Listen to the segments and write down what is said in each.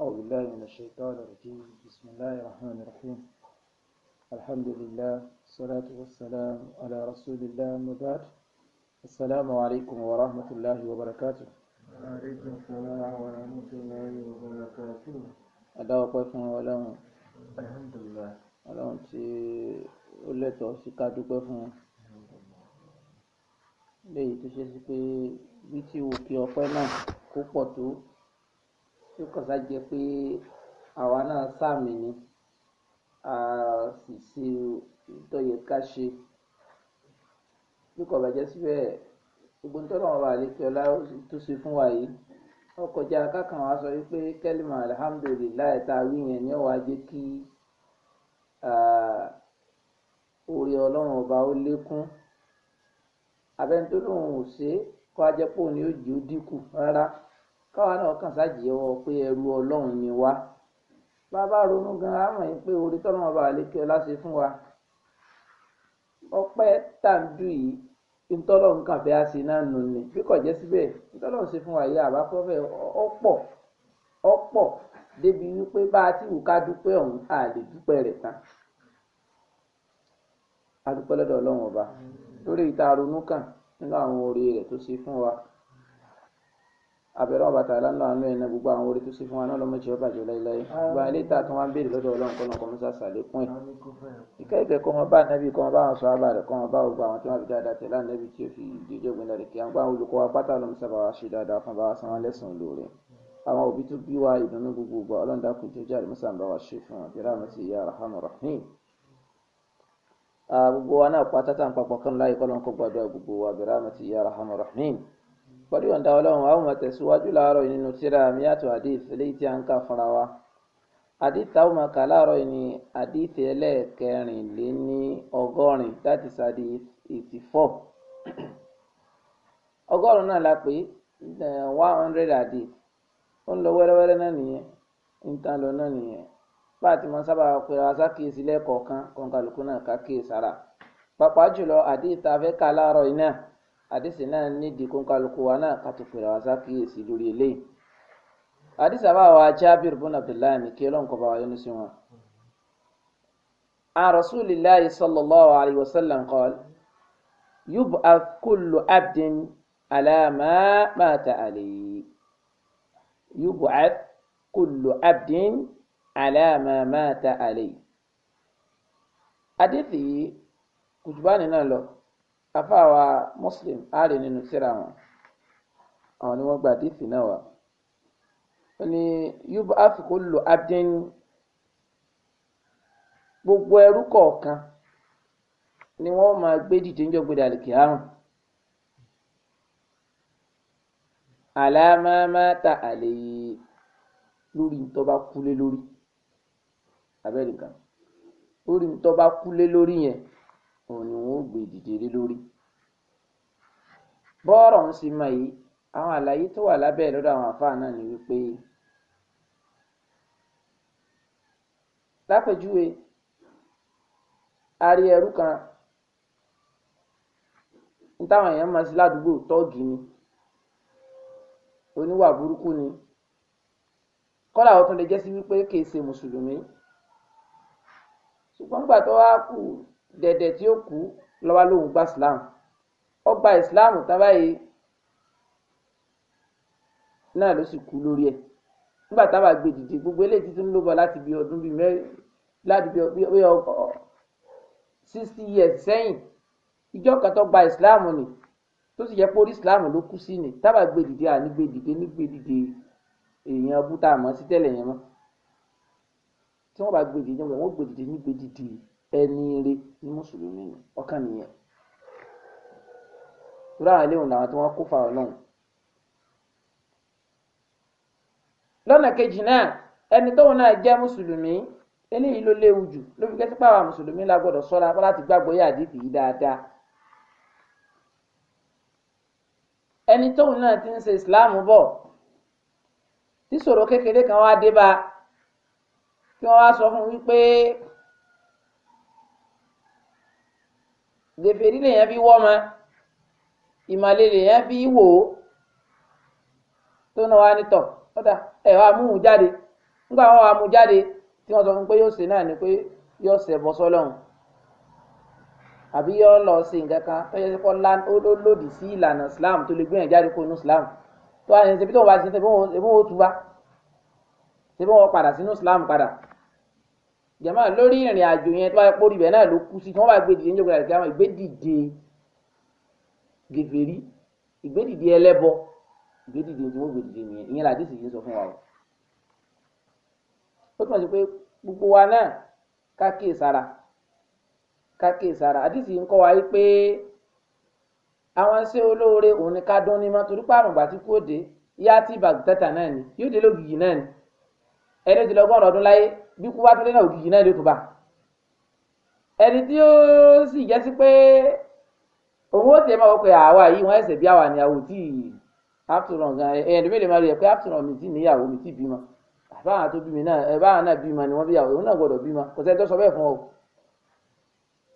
أعوذ بالله من الشيطان الرجيم بسم الله الرحمن الرحيم الحمد لله والصلاة والسلام على رسول الله مباد السلام عليكم ورحمة الله وبركاته وعليكم السلام ورحمة الله وبركاته أدعو قيفا ولهم الحمد لله ولهم تي ولتو سكادو قيفا léyìí tó ṣe sí قفنا bí tí ó kọsá jẹ pé àwa náà sàmì ni a sì ṣe tó yẹ ká ṣe bí kò bàjẹ́ síbẹ̀ gbogbo nítorí àwọn ọba àlekè ọlá tó ṣe fún wa yìí wọ́n kákan wá sọ wípé kẹ́límà alihamudulilayi tá a wí yẹn ni ó wàá jẹ́ kí orí ọlọ́run ọba ó lékún abẹ́ni ò ṣe kó a ni ó jù ú dínkù rárá. káwa náà kàn ṣàjẹwọ pé ẹrú ọlọ́run ni wá bàbá ronú gan àmọ́ pé orí tọ́nà ọba àlékè ọlá ṣe fún wa ọpẹ́ tàǹdù yìí ntọ́lọ́run kàn fẹ́ àṣẹ náà nù ni bí kò jẹ́ síbẹ̀ fún wa yìí àbá fọ́fẹ́ ọ̀pọ̀ ọ̀pọ̀ débi wípé bá a ti wù ká dúpẹ́ ọ̀hún a lè ọba lórí ìta ronú kàn nínú àwọn fún wa. abẹ́rẹ́ ọba tààlà ńlá àánú ẹ̀ná gbogbo àwọn orí tó ṣe fún wa náà lọ́mọdé ọba jù láéláé gba ilé ìta tí wọ́n ń béèrè lọ́dọ̀ ọlọ́run kọ́nà kọ́mọ́ sá sàlékún ẹ̀. ìkẹ́ ìbẹ̀ kọ́ wọn bá nẹ́bí kọ́ wọn bá wọn sọ ábà rẹ̀ kọ́ wọn bá gbogbo àwọn tí wọ́n fi dáadáa tẹ̀ láà nẹ́bí tí ó fi díjọ́ gbin lọ́rẹ̀ kí àwọn olùkọ́ wa pátá lọ́mọ sábà wá ṣe dáadáa fún bá wa ṣe fún wọn pẹ̀lú ìyọ̀ǹda ọlọ́run a ó máa tẹ̀síwájú láàárọ̀ yìí nínú tírà hadith tí a ń kà fúnra wa hadith táwọn máa kà láàárọ̀ yìí ni le ẹlẹ́ẹ̀kẹrìnléní ọgọ́rin that is hadith eighty four la pé eh, one hundred hadith ó na àdìsí náà nídìí kónkálukú wa náà ká tó fèrè wá sákìyèsí lórí eléyìí àdìsí àbáwá jábìr bùn abdullahi ní kí ọlọ́run kó bá wa yọ́nú sí wọn. عن رسول الله صلى الله عليه وسلم قال يبعث كل عبد على ما مات عليه يبعث كل عبد على ما مات عليه. àdìsí kùtùbánì náà lọ wa muslim ari nínú síra wọn àwọn ni wọn gba àdìsí náà wá ó ní yúbọ àfikò lò abdín gbogbo ẹrú kọ̀ọ̀kan ni wọn máa gbé dìde ń jọ gbé dàlùkì àrùn àlàmámáta àlè lórí ntọ́ bá kúlé lórí abẹ́rẹ́ kan lórí ntọ́ bá kúlé lórí yẹn. òun ni wọn ó gbé dìde lé lórí bọ́ọ̀rọ̀ ń sì yìí àwọn àlàyé tó wà lábẹ́ ẹ̀ lọ́dọ̀ àwọn àfáà náà ni wípé lápèjúwe a rí ẹrú kan ní táwọn èèyàn máa sí ládùúgbò tọ́ọ̀gì ni oníwà burúkú ni kọ́lá ọ̀tún lè jẹ́ sí dẹ̀dẹ̀ tí ó kú lọ́wọ́ lòun gba islam ó islam tán báyìí náà ló sì kú lórí ẹ̀ nígbà táwa gbé dìde gbogbo eléyìí títí ń ló bọ láti bí ọdún bíi mẹ́rin láti bí ọdún sixty years sẹ́yìn ìjọ kan tó gba islam ni tó sì yẹ pé orí islam ló kú sí ni táwa gbé dìde àní gbé dìde ní gbé dìde èèyàn búta àmọ́ sí tẹ́lẹ̀ yẹn mọ́ tí wọ́n bá gbé dìde wọ́n gbé dìde ní gbé dìde ẹni ire ní mùsùlùmí ni ọkàn nìyẹn ìrora àwọn eléyìí làwọn tí wọ́n kó fa Ọlọ́run lọ́nà kejì náà ẹni tóun náà jẹ́ mùsùlùmí eléyìí ló léwu jù ló fi kẹ́sí pàwọn mùsùlùmí la gbọ́dọ̀ sọ́ra fún láti gbàgbọ́ yé àdìsí yìí dáadáa ẹni tóun náà ti ń ṣe ìsìláàmù bọ̀ tí ṣòro kékeré kan wá dé bá tí wọ́n wá sọ fún wípé gèfèrí lèèyàn fi wọ́mọ ìmàlẹ́ lèèyàn fi wò ó tó náà wá ní tọ̀ ọ̀dà ẹ̀ wá mú un jáde nígbà wọn wá mú un jáde tí wọ́n sọ fún pé yóò ṣe náà ni pé yóò ṣẹbọ sọ́lọ́run àbí yóò lọ sí nǹkan kan tó yẹ kó lá ó lòdì sí ìlànà Islam tó lè gbìyànjú jáde kó inú Islam tó wà ní ṣe bí tóun bá ṣe ṣe bí wọn ò tú wa ṣe bí wọn padà sínú Islam padà jama lórí ìrìn àjò yẹn tó bá pórí ibẹ̀ náà ló kú sí tí wọ́n bá gbé dìde níjọba ìgbà àwọn ìgbédìde gèfèrí ìgbédìde ẹlẹ́bọ ìgbédìde tí wọ́n gbèdìde nìyẹn ìyẹn làdísì yìí ń sọ fún wa o ó túmọ̀ sí pé gbogbo wa náà ká kíyè sára ká kíyè sára àdísì ń kọ́ wa yìí pé àwọn ṣé olóore òun ni ká dún ní mọ́ torí pé àrùn gbàtí kò dé yá tí bàgùtẹ́tà náà ni yóò dé lógìgì náà ni ẹni tí lọ́gọ́rùn ọdún láyé bí kú bá tẹ́lẹ̀ náà òkìkí náà ló tó bá ẹni tí ó sì jẹ́ sí pé òun ó tiẹ̀ máa wọ́pẹ́ àwa yìí wọ́n ẹ̀sẹ̀ bí àwa ni àwọn òtí afternoon gan ẹ̀yẹ̀dùn mélòó máa rí ẹ̀ pé afternoon mi ti níyàwó mi ti bímọ àbáwọn tó bímọ náà ẹ̀báwọn náà bímọ ni wọ́n bí yàwó òun náà gbọ́dọ̀ bímọ kò sẹ́ni tó sọ bẹ́ẹ̀ fún ọ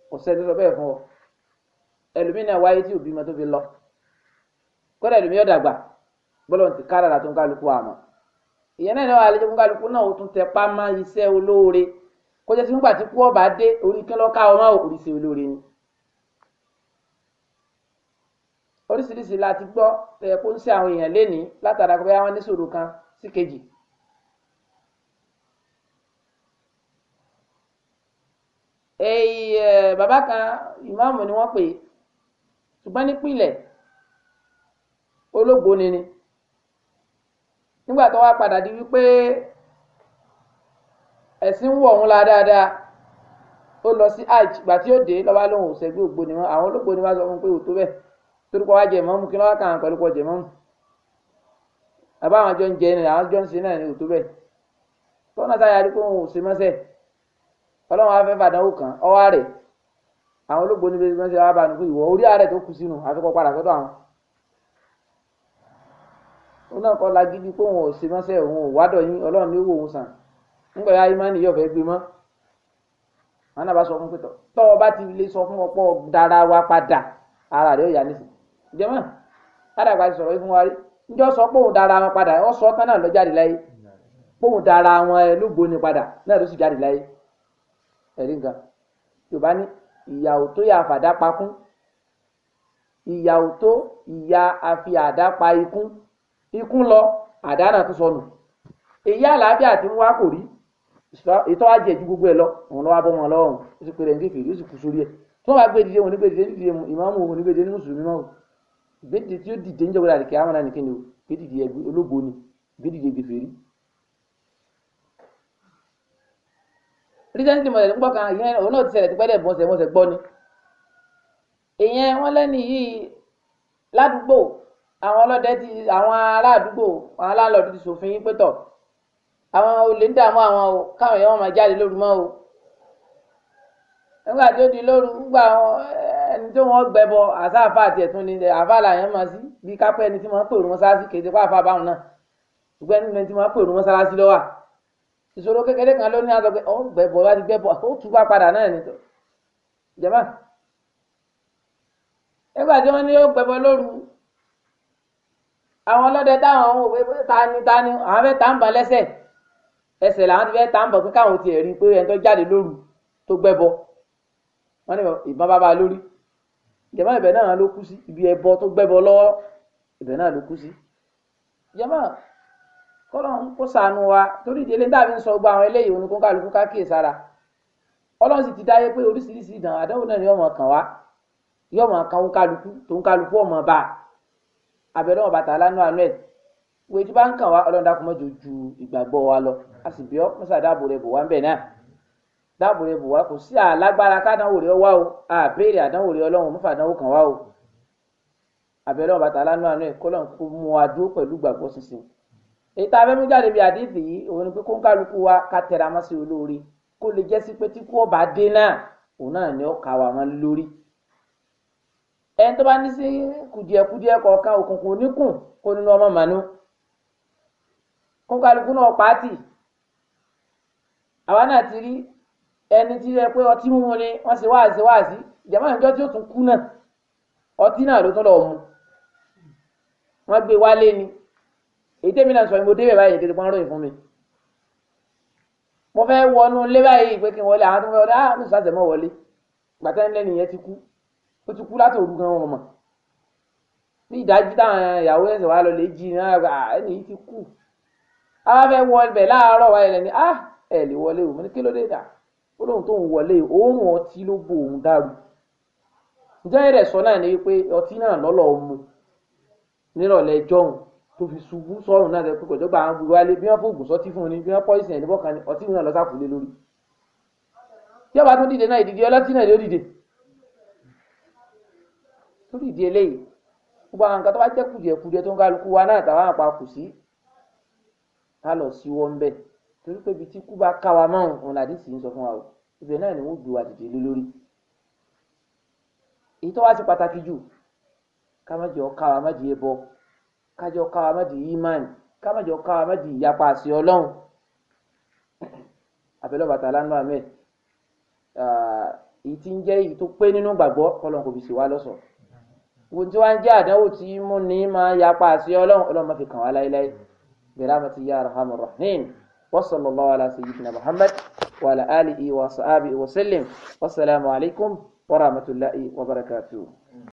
kò sẹ́ni tó sọ bẹ́ẹ̀ fún ọ ẹlòmínà wáyé tí ò bímọ tó fi lọ kódà ẹlòmínà dàgbà bọ́lọ̀ ti kára ìyẹn náà wà lẹjọ kálukú náà ó tún tẹ pámá iṣẹ́ olóore kó jẹ sí nígbà tí kú ọba dé orí kí lọ ká ọmọ òrìṣẹ olóore ni oríṣiríṣi la ti gbọ́ tẹ̀yẹ kó ń ṣe àwọn èèyàn lénìí látara pé wọ́n ní sòrò kan sí kejì. bàbá kan ìmáàmù ni wọ́n pè é ṣùgbọ́n nípìnlẹ̀ ológo ni ni nígbà tó wá padà di wípé ẹ̀sìn ń wọ̀ òun la dáadáa ó lọ sí hajj ìgbà tí ó dé lọ́wọ́ lóhùn òṣègbè ògbóni wọn àwọn olóògbóni wọn sọ fún pé òtó bẹ́ẹ̀ torí kọ́ wá jẹ mọ́mú kí lọ́wọ́ kàn án pẹ̀lú kọ́ jẹ mọ́mú àbá àwọn jọ ń jẹ ẹni àwọn jọ ń ṣe náà ní òtó bẹ́ẹ̀ tọ́nà táyà rí pé òun ò ṣe mọ́sẹ̀ ọlọ́run afẹ́ fàdánwò kan ọwọ́ rẹ̀ àwọn olóògbóni bẹ́ẹ̀ mọ́sẹ̀ wá bá nù fún ìwọ orí ààrẹ tó kù sínú àfikọ́ padà sọ́dọ̀ àwọn òun náà kọ́ lagídí pé òun ò ṣe mọ́sẹ̀ òun ò wádọ̀ yín ọlọ́run ní wò òun sàn nígbà yá imáni yóò fẹ́ gbé mọ́ wọn náà bá sọ fún pé tọ́ ọ bá ti lè sọ fún ọ̀pọ̀ dára wa padà ara rẹ̀ ó yà nísìn jẹ́mọ́ ládàgbà ti sọ̀rọ̀ yìí fún wa rí njọ́ sọ pé òun dára wọn padà ọ sọ tán náà lọ jáde láyé pé òun dára wọn ẹ ló gbóni padà náà ló sì jáde láyé ẹ̀rí nǹkan yorùbá ní ìyàwó tó yà fàdá pakún ìyàwó tó ìyà àfi àdá pa ikún ikú lọ àdánà tó sọnù èyí àlàáfíà tí ń wá kò rí ìtọ́ ajé ju gbogbo ẹ lọ òun lọ́wọ́ abọ́mọ lọ́wọ́ ó sì pèrè ní kèfèrí ó sì kú sórí ẹ̀ tí wọ́n bá gbé dìde òun ní dìde ní dìde ìmáàmù ní mùsùlùmí mọ́ gbé tí ó dìde ń jẹ́ wọlé àdìkẹ́ àmọ́ra ni o gbé dìde ẹgbẹ́ ológo ni gbé dìde kèfèrí. recently mo tẹ̀lé ń gbọ́ kan ìyẹn òun náà ti ṣẹlẹ̀ tipẹ́ dẹ̀ bọ́sẹ̀ bọ́sẹ̀ gbọ́ ni ìyẹn wọ́n lẹ́ni yìí ládùúgbò àwọn ọlọ́dẹ ti àwọn ará àdúgbò àwọn aláàlọ́dẹ ti ṣòfin yín pé tọ̀ àwọn olè ń dààmú àwọn o káwọn èèyàn máa jáde lóru mọ́ o nígbà tó di lóru nígbà eh, ẹni tó wọn gbẹbọ àṣà àfa àti ẹ̀tún ni àfa làyàn máa sí bí kápẹ́ ẹni tí wọ́n pèrò mọ́ṣáláṣí kéde pa àfa báwọn náà ṣùgbọ́n ẹni tí wọ́n pèrò mọ́ṣáláṣí lọ́wọ́ ìṣòro kékeré kan ló ní àtọ́ pé ó gbẹbọ wá ti gbẹbọ ó tún bá padà náà ni tó jẹ́mà nígbà tí wọ́n ní ó gbẹbọ lóru àwọn ọlọ́dẹ táwọn ń wò pé tani tani àwọn fẹ́ tá ń bọ̀ lẹ́sẹ̀ ẹsẹ̀ làwọn ti fẹ́ tá ń bọ̀ pé káwọn ti ẹ̀rí pé ẹni tó jáde lóru tó gbẹ́bọ wọn ní ìbọn bá ba lórí ìjọba ibẹ̀ náà ló kú sí ibi ẹbọ tó gbẹ́bọ lọ́wọ́ ibẹ̀ náà ló kú sí ìjọba kọ́lọ́n kó sànù wa torí ìdílé dàbí ń sọ gbogbo àwọn eléyìí oníkó kálukú kákìí sára ọlọ́run sì ti dáyé pé oríṣiríṣi ìdàn àdánwò náà ni yọ̀ọ̀mọ̀ kàn abẹ́rẹ́ wọn bàtà alánú àánú ẹ̀ ìwé tí bá ń kàn wá ọlọ́run dákun mọ́jọ ju ìgbàgbọ́ wa lọ a sì bí ọ́ mọ́sá dáàbò rẹ̀ bò wá ń bẹ̀ náà dáàbò rẹ̀ bò wá kò sí àlágbára kádánwò rẹ̀ wá o àbèrè àdánwò rẹ̀ ọlọ́run mọ́fà àdánwò kan wá o abẹ́rẹ́ wọn bàtà alánú àánú ẹ̀ kọ́lọ́n kó mú wa dúró pẹ̀lú ìgbàgbọ́ sísìn ètò abẹ́mújáde bíi àdéhìí yìí òun ni pé kó ń kálukú wa ká tẹra mọ́ olóore kó lè jẹ́ sí pé tí kú ọ̀bà dé náà òun náà ni ó kà wá mọ́ lórí ẹni tó bá ní sí kùdìẹ̀kùdìẹ̀ kọ̀ọ̀kan òkùnkùn oníkùn kó nínú ọmọ màánú kó kálukú náà pàátì àwa náà ti rí ẹni tí ẹ pé ọtí mímu ni wọ́n ṣe wáàsí wáàsí ìjàmbá ìjọ tí ó tún kú náà ọtí náà ló tún lọ mu wọ́n gbé wálé ni èyí tèmi náà sọ ni mo débẹ̀ báyìí tètè pọn ròyìn fún mi mo fẹ́ wọnú lé báyìí kí n wọlé àwọn tó ń wọlé ah mi sọ àtẹmọ wọlé gbàtẹ́ nìyẹn ti kú ó ti kú láti òru gan wọn mọ̀ ní ìdájí táwọn ìyàwó ẹ̀sẹ̀ wa lọ lè jí ní àgbà ah, ẹni yìí ti kú àwọn fẹ́ wọ ibẹ̀ láàárọ̀ wa ẹ̀lẹ́ ni a ah, ẹ̀ lè wọlé o mo ní kí ló dé dà ó lóun tóun wọlé òórùn ọtí ló bo òun dàrú ǹjẹ́ ẹ̀rẹ̀ sọ náà ni wípé ọtí náà lọ́lọ́ mu nírọ̀lẹ́ jọ́hùn tó fi ṣubú sọ̀rùn náà lẹ́kọ̀ọ́ pẹ̀lú ọgbà àwọn gbogbo alẹ́ bí wọ́n fòògùn sọtí fún un ni bí wọ́n pọ́ìsì ẹ̀ níbọ̀ kan ni ọtí náà lọ́sàkúlé lórí tí ọba tó dìde náà ìdìde ọlọ́tí náà ló dìde torí ìdí eléyìí gbogbo àwọn nǹkan tó bá jẹ́ kùjẹkùjẹ tó ń kálukú wa náà tàwọn àpá kù sí ká lọ sí wọn bẹ torí pé ibi tí kú bá ká wa mọ́rùn òun làdí sì ń sọ fún wa o ibẹ̀ náà ni wọ́n gbé wa dìde lé lórí èyí tó wá sí pàtàkì jù ká má jẹ́ ọ̀ká wa má di ẹbọ ká jẹ́ ọ̀ká wa má di imán ká má jẹ́ ọ̀ká wa má di ìyapa àṣẹ ọlọ́run àbẹ̀lẹ̀ lánàá mẹ́ èyí tí ń jẹ́ èyí tó pé nínú gbàgbọ́ kọ́lọ́n kò fi wọn tí wọn jẹ àdánwò tí mú ní máa yapa àti Ọlọ́run Ọlọ́run má fi kàn wá láéláé bẹ̀rẹ̀ àmọ́ ti yá arahamu rahim wasallallahu ala sayyidina muhammad wa ala alihi wa sahabi wa sallim wasalaamu alaykum wa rahmatulahi wa barakatuhu.